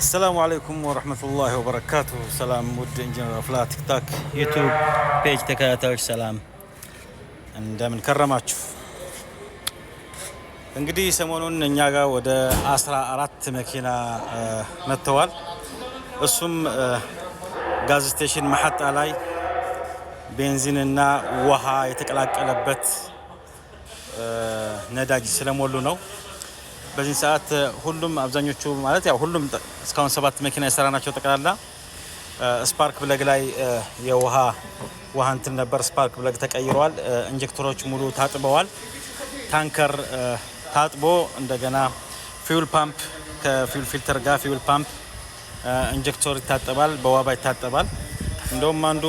አሰላሙ አለይኩም ወረህመቱላሂ ወበረካቱ። ሰላም ውድ ኢንጂነር አፍላ ቲክታክ ዩቱብ ፔጅ ተከታታዮች ሰላም እንደምን ከረማችሁ? እንግዲህ ሰሞኑን እኛ ጋር ወደ አስራ አራት መኪና መጥተዋል። እሱም ጋዝ ስቴሽን መሀጣ ላይ ቤንዚንና ውሃ የተቀላቀለበት ነዳጅ ስለሞሉ ነው። በዚህ ሰዓት ሁሉም አብዛኞቹ ማለት ያው ሁሉም እስካሁን ሰባት መኪና የሰራ ናቸው። ጠቅላላ ስፓርክ ብለግ ላይ የውሃ ውሃ እንትን ነበር። ስፓርክ ብለግ ተቀይረዋል። ኢንጀክተሮች ሙሉ ታጥበዋል። ታንከር ታጥቦ እንደገና ፊውል ፓምፕ ከፊውል ፊልተር ጋር ፊውል ፓምፕ ኢንጀክተር ይታጠባል፣ በዋባ ይታጠባል። እንደውም አንዱ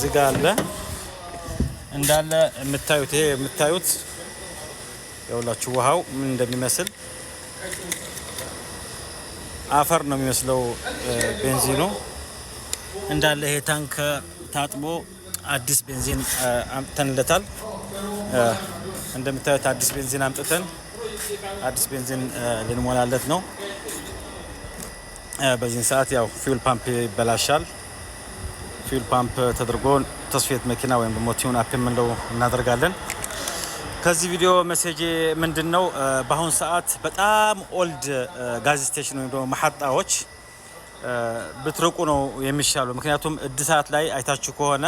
ዝጋ አለ እንዳለ የምታዩት ይሄ የምታዩት የሁላችሁ ውሃው ምን እንደሚመስል አፈር ነው የሚመስለው። ቤንዚኑ እንዳለ ይሄ ታንክ ታጥቦ አዲስ ቤንዚን አምጥተንለታል። እንደምታዩት አዲስ ቤንዚን አምጥተን አዲስ ቤንዚን ልንሞላለት ነው። በዚህን ሰዓት ያው ፊውል ፓምፕ ይበላሻል። ፊውል ፓምፕ ተደርጎ ተስፌት መኪና ወይም ደግሞ ቲዩን አፕ የምንለው እናደርጋለን። ከዚህ ቪዲዮ መሴጅ ምንድን ነው? በአሁኑ ሰዓት በጣም ኦልድ ጋዝ ስቴሽን ወይም ደግሞ መሀጣዎች ብትርቁ ነው የሚሻሉ። ምክንያቱም እድሳት ላይ አይታችሁ ከሆነ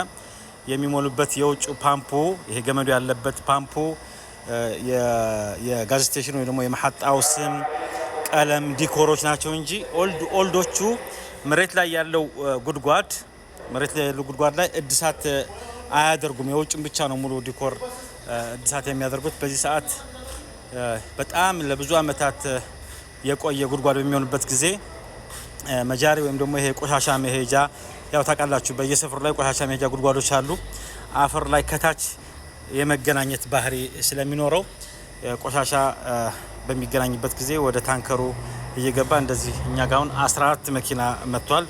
የሚሞሉበት የውጭ ፓምፑ ይሄ ገመዱ ያለበት ፓምፑ የጋዝ ስቴሽን ወይም ደግሞ የመሐጣው ስም፣ ቀለም፣ ዲኮሮች ናቸው እንጂ ኦልድ ኦልዶቹ መሬት ላይ ያለው ጉድጓድ መሬት ላይ ያለው ጉድጓድ ላይ እድሳት አያደርጉም። የውጭም ብቻ ነው ሙሉ ዲኮር እድሳት የሚያደርጉት በዚህ ሰዓት በጣም ለብዙ አመታት የቆየ ጉድጓድ በሚሆንበት ጊዜ መጃሪ ወይም ደግሞ ይሄ ቆሻሻ መሄጃ ያው ታውቃላችሁ፣ በየሰፈሩ ላይ ቆሻሻ መሄጃ ጉድጓዶች አሉ። አፈር ላይ ከታች የመገናኘት ባህሪ ስለሚኖረው ቆሻሻ በሚገናኝበት ጊዜ ወደ ታንከሩ እየገባ እንደዚህ እኛ ጋ አሁን 14 መኪና መጥቷል።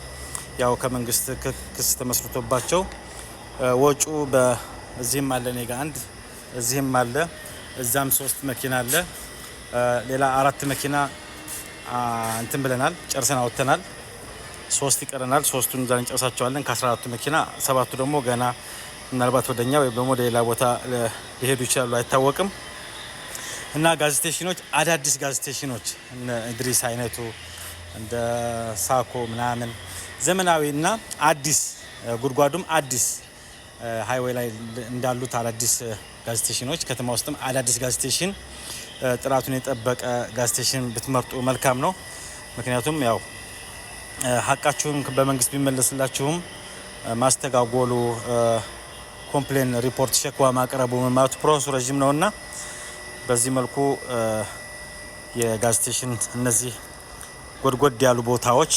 ያው ከመንግስት ክስ ተመስርቶባቸው ወጩ በዚህም አለ እኔ ጋ አንድ እዚህም አለ፣ እዛም ሶስት መኪና አለ። ሌላ አራት መኪና እንትን ብለናል፣ ጨርሰን አወጥተናል። ሶስት ይቀረናል። ሶስቱን እዛ እንጨርሳቸዋለን። ከአስራ አራቱ መኪና ሰባቱ ደግሞ ገና ምናልባት ወደኛ ወይም ደግሞ ወደ ሌላ ቦታ ሊሄዱ ይችላሉ፣ አይታወቅም። እና ጋዝ ስቴሽኖች አዳዲስ ጋዝ ስቴሽኖች እነ እድሪስ አይነቱ እንደ ሳኮ ምናምን ዘመናዊ እና አዲስ ጉድጓዱም አዲስ ሃይዌይ ላይ እንዳሉት አዳዲስ ጋዝ ከተማ ውስጥም አዳዲስ ጋዝ ጥራቱን የጠበቀ ጋዝ ብትመርጡ መልካም ነው። ምክንያቱም ያው ሀቃችሁን በመንግስት ቢመለስላችሁም ማስተጋጎሉ፣ ኮምፕሌን ሪፖርት፣ ሸክዋ ማቅረቡ ማለቱ ፕሮሰሱ ረዥም ነው እና በዚህ መልኩ የጋዝ እነዚህ ጎድጎድ ያሉ ቦታዎች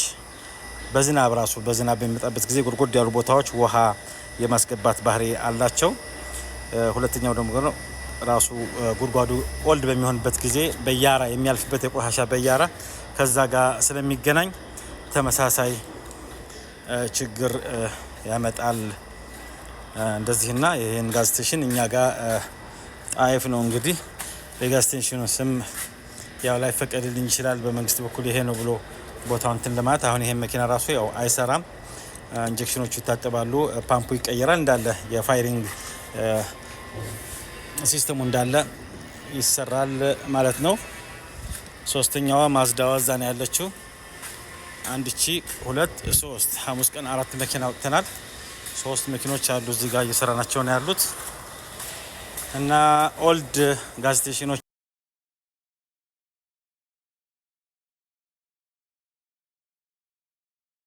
በዝናብ ራሱ በዝናብ በሚመጣበት ጊዜ ጎድጎድ ያሉ ቦታዎች ውሃ የማስገባት ባህሪ አላቸው። ሁለተኛው ደግሞ ራሱ ጉድጓዱ ኦልድ በሚሆንበት ጊዜ በያራ የሚያልፍበት የቆሻሻ በያራ ከዛ ጋር ስለሚገናኝ ተመሳሳይ ችግር ያመጣል። እንደዚህና ይህን ጋዝ ስቴሽን እኛ ጋር ጣይፍ ነው እንግዲህ የጋዝ ስቴሽኑ ስም ያው ላይ ፈቀድልኝ ይችላል በመንግስት በኩል ይሄ ነው ብሎ ቦታው እንትን ለማለት አሁን ይሄን መኪና ራሱ ያው አይሰራም። ኢንጀክሽኖቹ ይታጠባሉ፣ ፓምፑ ይቀየራል፣ እንዳለ የፋይሪንግ ሲስተሙ እንዳለ ይሰራል ማለት ነው። ሶስተኛዋ ማዝዳዋ እዛ ነው ያለችው። አንድ ቺ ሁለት ሶስት ሐሙስ ቀን አራት መኪና አውጥተናል። ሶስት መኪኖች አሉ እዚህ ጋር እየሰራ ናቸው ነው ያሉት እና ኦልድ ጋዝ ስቴሽኖች